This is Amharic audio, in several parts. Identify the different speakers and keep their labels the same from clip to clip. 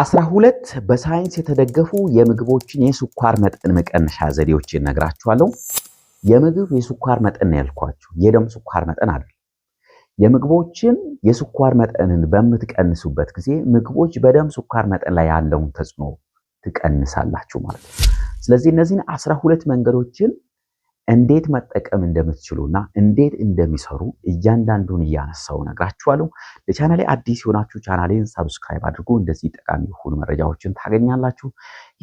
Speaker 1: አስራ ሁለት በሳይንስ የተደገፉ የምግቦችን የስኳር መጠን መቀነሻ ዘዴዎችን እነግራችኋለሁ። የምግብ የስኳር መጠን ያልኳችሁ፣ የደም ስኳር መጠን አይደለም። የምግቦችን የስኳር መጠንን በምትቀንሱበት ጊዜ ምግቦች በደም ስኳር መጠን ላይ ያለውን ተጽዕኖ ትቀንሳላችሁ ማለት ነው። ስለዚህ እነዚህን አስራ ሁለት መንገዶችን እንዴት መጠቀም እንደምትችሉና እንዴት እንደሚሰሩ እያንዳንዱን እያነሳው ነግራችኋለሁ። ለቻናሌ አዲስ የሆናችሁ ቻናሌን ሰብስክራይብ አድርጎ እንደዚህ ጠቃሚ የሆኑ መረጃዎችን ታገኛላችሁ።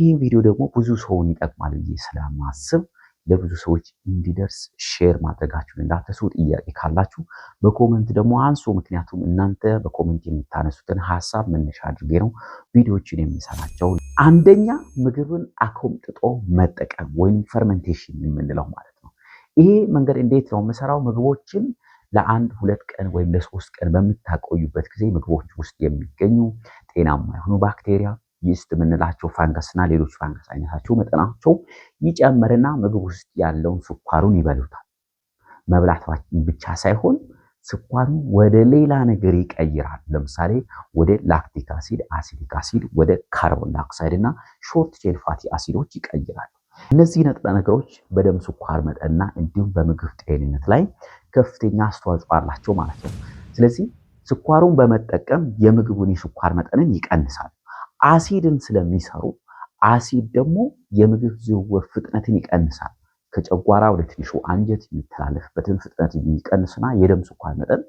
Speaker 1: ይህ ቪዲዮ ደግሞ ብዙ ሰውን ይጠቅማል ብዬ ስለማስብ ለብዙ ሰዎች እንዲደርስ ሼር ማድረጋችሁን እንዳትረሱ። ጥያቄ ካላችሁ በኮመንት ደግሞ አንሱ። ምክንያቱም እናንተ በኮመንት የምታነሱትን ሀሳብ መነሻ አድርጌ ነው ቪዲዮዎችን የምሰራቸው። አንደኛ ምግብን አኮምጥጦ መጠቀም ወይም ፈርመንቴሽን የምንለው ማለት ነው። ይሄ መንገድ እንዴት ነው የምሰራው? ምግቦችን ለአንድ ሁለት ቀን ወይም ለሶስት ቀን በምታቆዩበት ጊዜ ምግቦች ውስጥ የሚገኙ ጤናማ የሆኑ ባክቴሪያ፣ ይስት የምንላቸው እና ሌሎች ፋንገስ አይነታቸው መጠናቸው ይጨምርና ምግብ ውስጥ ያለውን ስኳሩን ይበሉታል። መብላት ብቻ ሳይሆን ስኳሩ ወደ ሌላ ነገር ይቀይራል። ለምሳሌ ወደ ላክቲክ አሲድ፣ አሲዲክ አሲድ፣ ወደ ካርቦን ዳይኦክሳይድ እና ሾርት ቼን ፋቲ አሲዶች ይቀይራል። እነዚህ ንጥረ ነገሮች በደም ስኳር መጠንና እንዲሁም በምግብ ጤንነት ላይ ከፍተኛ አስተዋጽኦ አላቸው ማለት ነው። ስለዚህ ስኳሩን በመጠቀም የምግቡን የስኳር መጠንን ይቀንሳል። አሲድን ስለሚሰሩ አሲድ ደግሞ የምግብ ዝውውር ፍጥነትን ይቀንሳል። ከጨጓራ ወደ ትንሹ አንጀት የሚተላለፍበትን ፍጥነት የሚቀንስና የደም ስኳር መጠን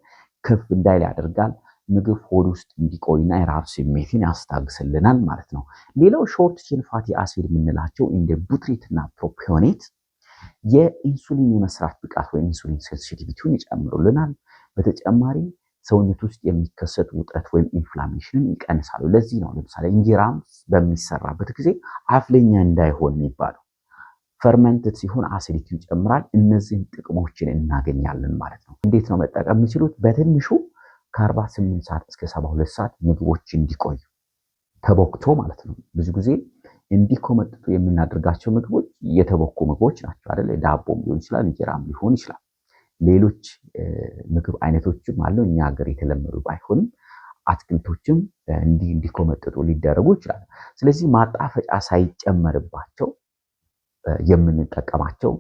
Speaker 1: ከፍ እንዳይል ያደርጋል። ምግብ ሆድ ውስጥ እንዲቆይና የረሃብ ስሜትን ያስታግስልናል ማለት ነው። ሌላው ሾርት ቼን ፋቲ አሲድ የምንላቸው እንደ ቡትሪትና ፕሮፒዮኔት የኢንሱሊን የመስራት ብቃት ወይም ኢንሱሊን ሴንሲቲቪቲውን ይጨምሩልናል። በተጨማሪ ሰውነት ውስጥ የሚከሰት ውጥረት ወይም ኢንፍላሜሽንን ይቀንሳሉ። ለዚህ ነው ለምሳሌ እንጀራም በሚሰራበት ጊዜ አፍለኛ እንዳይሆን የሚባለው ፈርመንትድ ሲሆን አሲዲቲ ይጨምራል። እነዚህን ጥቅሞችን እናገኛለን ማለት ነው። እንዴት ነው መጠቀም የሚችሉት? በትንሹ ከ48 ሰዓት እስከ 72 ሰዓት ምግቦች እንዲቆዩ ተቦክቶ ማለት ነው። ብዙ ጊዜ እንዲኮመጥጡ የምናደርጋቸው ምግቦች የተቦኩ ምግቦች ናቸው አደ ዳቦም ሊሆን ይችላል፣ እንጀራም ሊሆን ይችላል። ሌሎች ምግብ አይነቶችም አሉ እኛ ሀገር የተለመዱ ባይሆንም አትክልቶችም እንዲህ እንዲኮመጥጡ ሊደረጉ ይችላል። ስለዚህ ማጣፈጫ ሳይጨመርባቸው የምንጠቀማቸው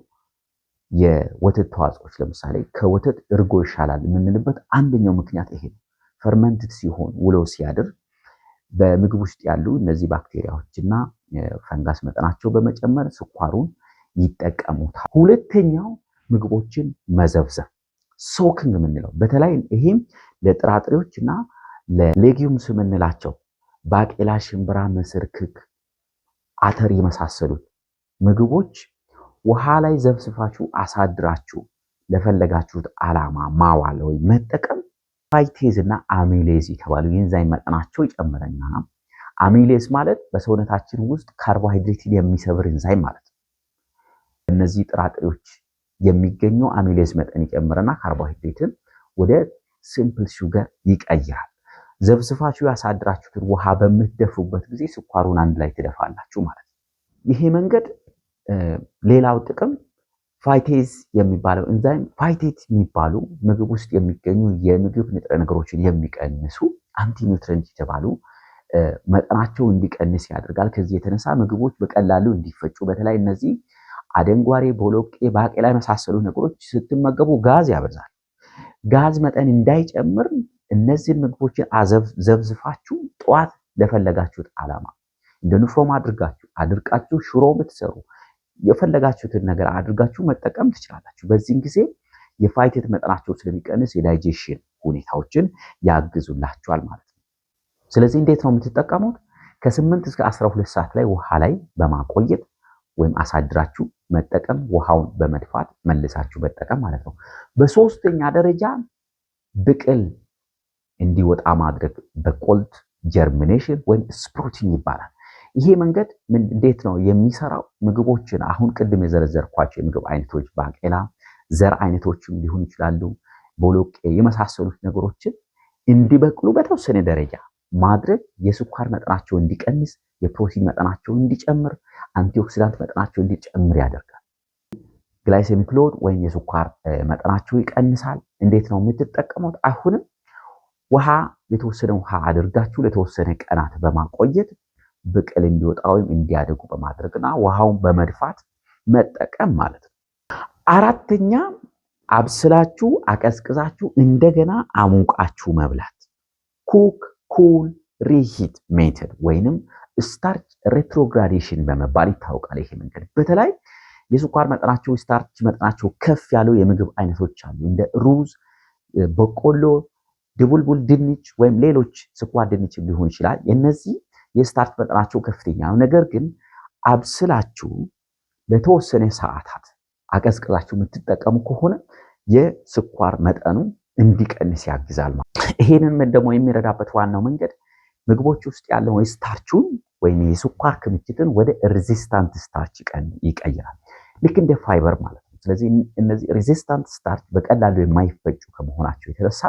Speaker 1: የወተት ተዋጽኦች ለምሳሌ ከወተት እርጎ ይሻላል የምንልበት አንደኛው ምክንያት ይሄ ነው። ፈርመንትድ ሲሆን ውሎ ሲያድር በምግብ ውስጥ ያሉ እነዚህ ባክቴሪያዎች እና ፈንጋስ መጠናቸው በመጨመር ስኳሩን ይጠቀሙታል። ሁለተኛው ምግቦችን መዘብዘብ ሶክንግ የምንለው በተለይ ይሄም ለጥራጥሬዎች እና ለሌጊዩምስ የምንላቸው ባቄላ፣ ሽምብራ፣ ምስር፣ ክክ፣ አተር የመሳሰሉት ምግቦች ውሃ ላይ ዘብስፋችሁ አሳድራችሁ ለፈለጋችሁት ዓላማ ማዋል ወይ መጠቀም ፋይቴዝ እና አሚሌዝ የተባሉ የኢንዛይም መጠናቸው ይጨምረኛ ነው። አሚሌዝ ማለት በሰውነታችን ውስጥ ካርቦሃይድሬትን የሚሰብር ኢንዛይም ማለት ነው። እነዚህ ጥራጥሬዎች የሚገኘው አሚሌዝ መጠን ይጨምርና ካርቦሃይድሬትን ወደ ሲምፕል ሹገር ይቀይራል። ዘብስፋችሁ ያሳድራችሁትን ውሃ በምትደፉበት ጊዜ ስኳሩን አንድ ላይ ትደፋላችሁ ማለት ነው። ይሄ መንገድ ሌላው ጥቅም ፋይቴዝ የሚባለው ኢንዛይም ፋይቴት የሚባሉ ምግብ ውስጥ የሚገኙ የምግብ ንጥረ ነገሮችን የሚቀንሱ አንቲ የተባሉ መጠናቸው እንዲቀንስ ያደርጋል። ከዚህ የተነሳ ምግቦች በቀላሉ እንዲፈጩ በተለይ እነዚህ አደንጓሬ፣ ቦሎቄ፣ ባቄላ የመሳሰሉ ነገሮች ስትመገቡ ጋዝ ያበዛል። ጋዝ መጠን እንዳይጨምር እነዚህን ምግቦችን ዘብዝፋችሁ ጠዋት ለፈለጋችሁት ዓላማ እንደ ንፍሮም አድርጋችሁ አድርቃችሁ ሽሮ ብትሰሩ የፈለጋችሁትን ነገር አድርጋችሁ መጠቀም ትችላላችሁ። በዚህም ጊዜ የፋይቴት መጠናቸው ስለሚቀንስ የዳይጀሽን ሁኔታዎችን ያግዙላችኋል ማለት ነው። ስለዚህ እንዴት ነው የምትጠቀሙት? ከስምንት እስከ አስራ ሁለት ሰዓት ላይ ውሃ ላይ በማቆየት ወይም አሳድራችሁ መጠቀም፣ ውሃውን በመድፋት መልሳችሁ መጠቀም ማለት ነው። በሶስተኛ ደረጃ ብቅል እንዲወጣ ማድረግ በኮልድ ጀርሚኔሽን ወይም ስፕሩቲንግ ይባላል። ይሄ መንገድ እንዴት ነው የሚሰራው? ምግቦችን አሁን ቅድም የዘረዘርኳቸው የምግብ አይነቶች ባቄላ፣ ዘር አይነቶችም ሊሆን ይችላሉ፣ ቦሎቄ የመሳሰሉት ነገሮችን እንዲበቅሉ በተወሰነ ደረጃ ማድረግ የስኳር መጠናቸው እንዲቀንስ፣ የፕሮቲን መጠናቸው እንዲጨምር፣ አንቲኦክሲዳንት መጠናቸው እንዲጨምር ያደርጋል። ግላይሴሚክ ሎድ ወይም የስኳር መጠናቸው ይቀንሳል። እንዴት ነው የምትጠቀሙት? አሁንም ውሃ የተወሰነ ውሃ አድርጋችሁ ለተወሰነ ቀናት በማቆየት ብቅል እንዲወጣ ወይም እንዲያደጉ በማድረግና ውሃውን በመድፋት መጠቀም ማለት ነው። አራተኛ አብስላችሁ አቀዝቅዛችሁ እንደገና አሙቃችሁ መብላት ኩክ ኩል ሪሂት ሜተድ ወይንም ስታርች ሬትሮግራዴሽን በመባል ይታወቃል። ይሄ መንገድ በተለይ የስኳር መጠናቸው ስታርች መጠናቸው ከፍ ያሉ የምግብ አይነቶች አሉ እንደ ሩዝ፣ በቆሎ፣ ድቡልቡል ድንች ወይም ሌሎች ስኳር ድንች ሊሆን ይችላል። የነዚህ የስታርች መጠናቸው ከፍተኛ ነው። ነገር ግን አብስላችሁ ለተወሰነ ሰዓታት አቀዝቅዛችሁ የምትጠቀሙ ከሆነ የስኳር መጠኑ እንዲቀንስ ያግዛል ማለት ነው። ይሄንን ደግሞ የሚረዳበት ዋናው መንገድ ምግቦች ውስጥ ያለው ስታርቹን ወይም የስኳር ክምችትን ወደ ሬዚስታንት ስታርች ይቀይራል። ልክ እንደ ፋይበር ማለት ነው። ስለዚህ እነዚህ ሬዚስታንት ስታርች በቀላሉ የማይፈጩ ከመሆናቸው የተነሳ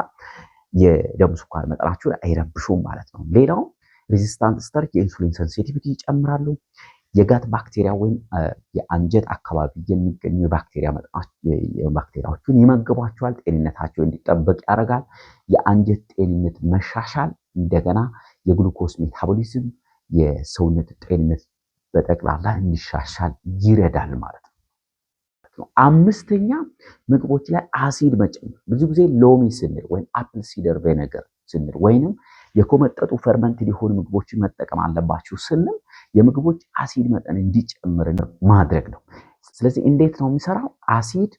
Speaker 1: የደም ስኳር መጠናችሁን አይረብሹም ማለት ነው። ሌላው ሬዚስታንት ስተርች የኢንሱሊን ሴንሲቲቪቲ ይጨምራሉ። የጋት ባክቴሪያ ወይም የአንጀት አካባቢ የሚገኙ ባክቴሪያዎቹን ይመግቧቸዋል። ጤንነታቸው እንዲጠበቅ ያደርጋል። የአንጀት ጤንነት መሻሻል እንደገና የግሉኮስ ሜታቦሊዝም የሰውነት ጤንነት በጠቅላላ እንዲሻሻል ይረዳል ማለት ነው። አምስተኛ ምግቦች ላይ አሲድ መጨመር ብዙ ጊዜ ሎሚ ስንል ወይም አፕል ሲደር ቬነገር ስንል ወይንም የኮመጠጡ ፈርመንት የሆኑ ምግቦችን መጠቀም አለባችሁ ስንል የምግቦች አሲድ መጠን እንዲጨምር ማድረግ ነው። ስለዚህ እንዴት ነው የሚሰራው? አሲድ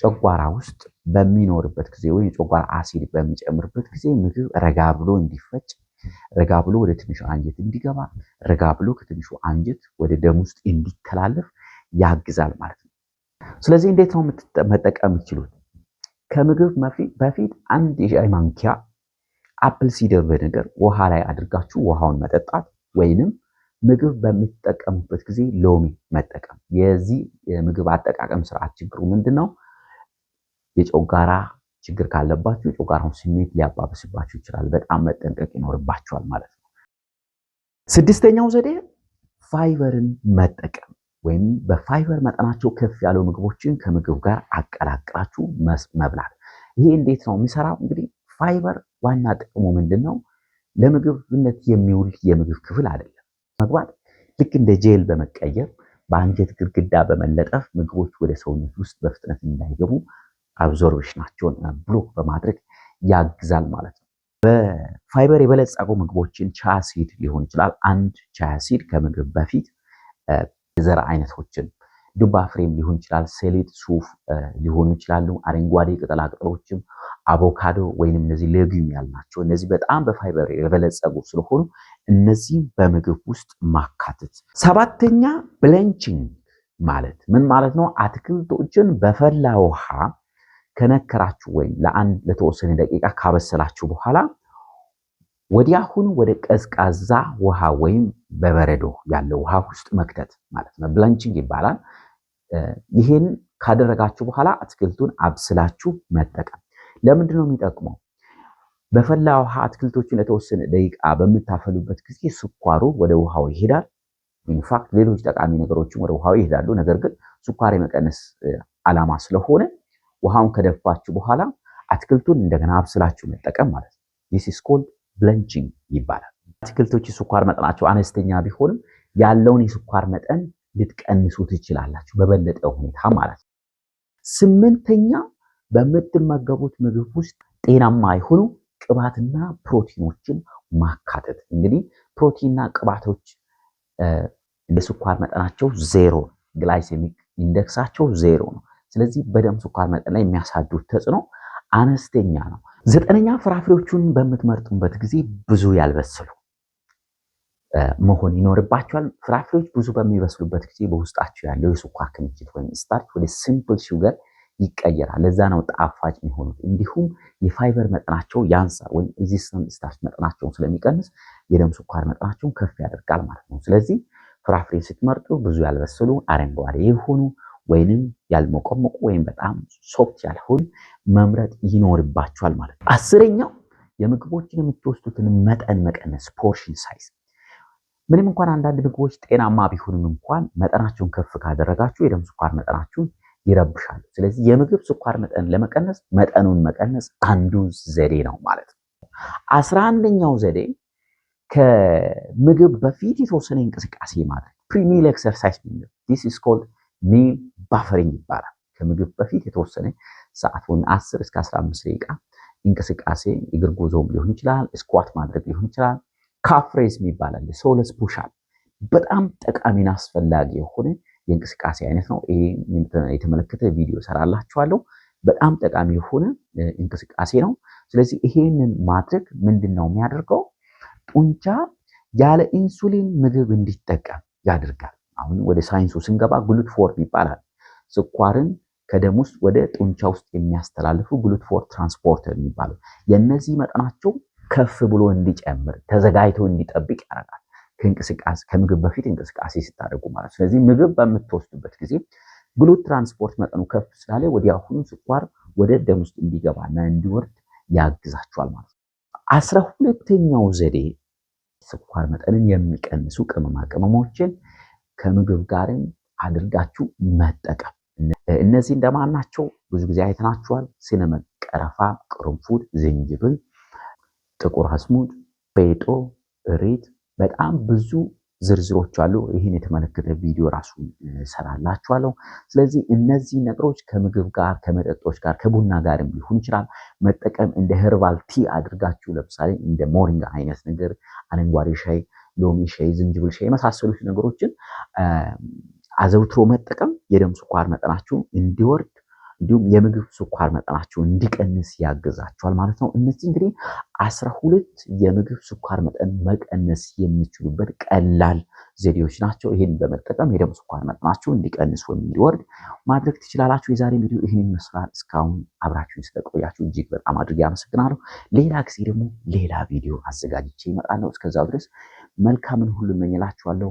Speaker 1: ጨጓራ ውስጥ በሚኖርበት ጊዜ ወይም የጨጓራ አሲድ በሚጨምርበት ጊዜ ምግብ ረጋ ብሎ እንዲፈጭ፣ ረጋ ብሎ ወደ ትንሹ አንጀት እንዲገባ፣ ረጋ ብሎ ከትንሹ አንጀት ወደ ደም ውስጥ እንዲተላለፍ ያግዛል ማለት ነው። ስለዚህ እንዴት ነው መጠቀም ይችሉት? ከምግብ በፊት አንድ የሻይ ማንኪያ አፕል ሲደር ነገር ውሃ ላይ አድርጋችሁ ውሃውን መጠጣት ወይንም ምግብ በምትጠቀሙበት ጊዜ ሎሚ መጠቀም። የዚህ የምግብ አጠቃቀም ስርዓት ችግሩ ምንድነው? የጮጋራ ችግር ካለባችሁ የጮጋራውን ስሜት ሊያባብስባችሁ ይችላል። በጣም መጠንቀቅ ይኖርባችኋል ማለት ነው። ስድስተኛው ዘዴ ፋይበርን መጠቀም ወይም በፋይበር መጠናቸው ከፍ ያለው ምግቦችን ከምግብ ጋር አቀላቅላችሁ መብላት። ይሄ እንዴት ነው የሚሰራው? እንግዲህ ፋይበር ዋና ጥቅሙ ምንድን ነው? ለምግብነት የሚውል የምግብ ክፍል አይደለም። መግባት ልክ እንደ ጄል በመቀየር በአንጀት ግድግዳ በመለጠፍ ምግቦች ወደ ሰውነት ውስጥ በፍጥነት እንዳይገቡ አብዞርቤሽናቸውን ብሎክ በማድረግ ያግዛል ማለት ነው። በፋይበር የበለጸጉ ምግቦችን ቻያሲድ ሊሆን ይችላል። አንድ ቻያሲድ ከምግብ በፊት የዘር አይነቶችን ዱባ ፍሬም ሊሆን ይችላል፣ ሰሊጥ፣ ሱፍ ሊሆኑ ይችላሉ። አረንጓዴ ቅጠሎችም አቮካዶ ወይንም እነዚህ ሌጊም ያልናቸው እነዚህ በጣም በፋይበር የበለጸጉ ስለሆኑ እነዚህ በምግብ ውስጥ ማካተት። ሰባተኛ ብለንቺንግ ማለት ምን ማለት ነው? አትክልቶችን በፈላ ውሃ ከነከራችሁ ወይም ለአንድ ለተወሰነ ደቂቃ ካበሰላችሁ በኋላ ወዲያሁን ወደ ቀዝቃዛ ውሃ ወይም በበረዶ ያለው ውሃ ውስጥ መክተት ማለት ነው። ብለንቺንግ ይባላል። ይሄን ካደረጋችሁ በኋላ አትክልቱን አብስላችሁ መጠቀም ለምንድን ነው የሚጠቅመው? በፈላ ውሃ አትክልቶቹን ለተወሰነ ደቂቃ በምታፈሉበት ጊዜ ስኳሩ ወደ ውሃው ይሄዳል። ኢንፋክት ሌሎች ጠቃሚ ነገሮችም ወደ ውሃው ይሄዳሉ። ነገር ግን ስኳር የመቀነስ ዓላማ ስለሆነ ውሃውን ከደፋችሁ በኋላ አትክልቱን እንደገና አብስላችሁ መጠቀም ማለት ነው። ዚስ ኢስ ኮልድ ብለንቺንግ ይባላል። አትክልቶች የስኳር መጠናቸው አነስተኛ ቢሆንም ያለውን የስኳር መጠን ልትቀንሱ ትችላላችሁ፣ በበለጠ ሁኔታ ማለት ነው። ስምንተኛ በምትመገቡት ምግብ ውስጥ ጤናማ የሆኑ ቅባትና ፕሮቲኖችን ማካተት። እንግዲህ ፕሮቲንና ቅባቶች እንደ ስኳር መጠናቸው ዜሮ፣ ግላይሴሚክ ኢንደክሳቸው ዜሮ ነው። ስለዚህ በደም ስኳር መጠን ላይ የሚያሳድሩት ተጽዕኖ አነስተኛ ነው። ዘጠነኛ ፍራፍሬዎቹን በምትመርጡበት ጊዜ ብዙ ያልበሰሉ መሆን ይኖርባቸዋል። ፍራፍሬዎች ብዙ በሚበስሉበት ጊዜ በውስጣቸው ያለው የስኳር ክምችት ወይም ስታርች ወደ ሲምፕል ሹገር ይቀየራል። ለዛ ነው ጣፋጭ የሚሆኑት። እንዲሁም የፋይበር መጠናቸው ያንሳል ወይም ኤግዚስተንት ስታርች መጠናቸውን ስለሚቀንስ የደም ስኳር መጠናቸውን ከፍ ያደርጋል ማለት ነው። ስለዚህ ፍራፍሬ ስትመርጡ ብዙ ያልበሰሉ አረንጓዴ የሆኑ ወይንም ያልሞቀሞቁ ወይም በጣም ሶፍት ያልሆኑ መምረጥ ይኖርባቸዋል ማለት ነው። አስረኛው የምግቦችን የምትወስዱትን መጠን መቀነስ ፖርሽን ሳይዝ ምንም እንኳን አንዳንድ ምግቦች ጤናማ ቢሆንም እንኳን መጠናቸውን ከፍ ካደረጋችሁ የደም ስኳር መጠናችሁን ይረብሻል። ስለዚህ የምግብ ስኳር መጠን ለመቀነስ መጠኑን መቀነስ አንዱ ዘዴ ነው ማለት ነው። አስራ አንደኛው ዘዴ ከምግብ በፊት የተወሰነ እንቅስቃሴ ማድረግ ፕሪሚል ኤክሰርሳይዝ ሚል ዲስ ኢዝ ኮልድ ሚል ባፈሪንግ ይባላል። ከምግብ በፊት የተወሰነ ሰዓት ወይም 10 እስከ 15 ደቂቃ እንቅስቃሴ እግር ጉዞም ሊሆን ይችላል፣ ስኳት ማድረግ ሊሆን ይችላል ካፍሬዝ የሚባል አለ። ሶለስ ፑሻፕ በጣም ጠቃሚና አስፈላጊ የሆነ የእንቅስቃሴ አይነት ነው። ይሄ የተመለከተ ቪዲዮ ሰራላችኋለሁ። በጣም ጠቃሚ የሆነ እንቅስቃሴ ነው። ስለዚህ ይሄንን ማድረግ ምንድን ነው የሚያደርገው? ጡንቻ ያለ ኢንሱሊን ምግብ እንዲጠቀም ያደርጋል። አሁን ወደ ሳይንሱ ስንገባ ግሉት ፎርም ይባላል። ስኳርን ከደም ውስጥ ወደ ጡንቻ ውስጥ የሚያስተላልፉ ግሉት ፎር ትራንስፖርተር የሚባሉ የእነዚህ መጠናቸው ከፍ ብሎ እንዲጨምር ተዘጋጅቶ እንዲጠብቅ ያደርጋል። ከእንቅስቃሴ ከምግብ በፊት እንቅስቃሴ ስታደርጉ ማለት ስለዚህ ምግብ በምትወስዱበት ጊዜ ግሉት ትራንስፖርት መጠኑ ከፍ ስላለ ወዲያውኑ ስኳር ወደ ደም ውስጥ እንዲገባና እንዲወርድ ያግዛቸዋል ማለት ነው። አስራ ሁለተኛው ዘዴ ስኳር መጠንን የሚቀንሱ ቅመማ ቅመሞችን ከምግብ ጋርም አድርጋችሁ መጠቀም። እነዚህ እንደማን ናቸው? ብዙ ጊዜ አይተናቸዋል? ስነ መቀረፋ፣ ቅርንፉድ፣ ዝንጅብል ጥቁር አስሙድ፣ ቤጦ፣ እሬት በጣም ብዙ ዝርዝሮች አሉ። ይህን የተመለከተ ቪዲዮ ራሱ ሰራላችኋለሁ። ስለዚህ እነዚህ ነገሮች ከምግብ ጋር፣ ከመጠጦች ጋር፣ ከቡና ጋርም ሊሆን ይችላል መጠቀም እንደ ሄርባል ቲ አድርጋችሁ ለምሳሌ እንደ ሞሪንጋ አይነት ነገር፣ አረንጓዴ ሻይ፣ ሎሚ ሻይ፣ ዝንጅብል ሻይ የመሳሰሉት ነገሮችን አዘውትሮ መጠቀም የደም ስኳር መጠናችሁ እንዲወርድ እንዲሁም የምግብ ስኳር መጠናቸው እንዲቀንስ ያግዛቸዋል ማለት ነው። እነዚህ እንግዲህ አስራ ሁለት የምግብ ስኳር መጠን መቀነስ የሚችሉበት ቀላል ዘዴዎች ናቸው። ይህን በመጠቀም የደም ስኳር መጠናቸው እንዲቀንስ ወይም እንዲወርድ ማድረግ ትችላላችሁ። የዛሬ ቪዲዮ ይህን ይመስላል። እስካሁን አብራችሁን ስለቆያችሁ እጅግ በጣም አድርጌ አመሰግናለሁ። ሌላ ጊዜ ደግሞ ሌላ ቪዲዮ አዘጋጅቼ ይመጣለሁ። እስከዛው ድረስ መልካምን ሁሉ እመኝላችኋለሁ።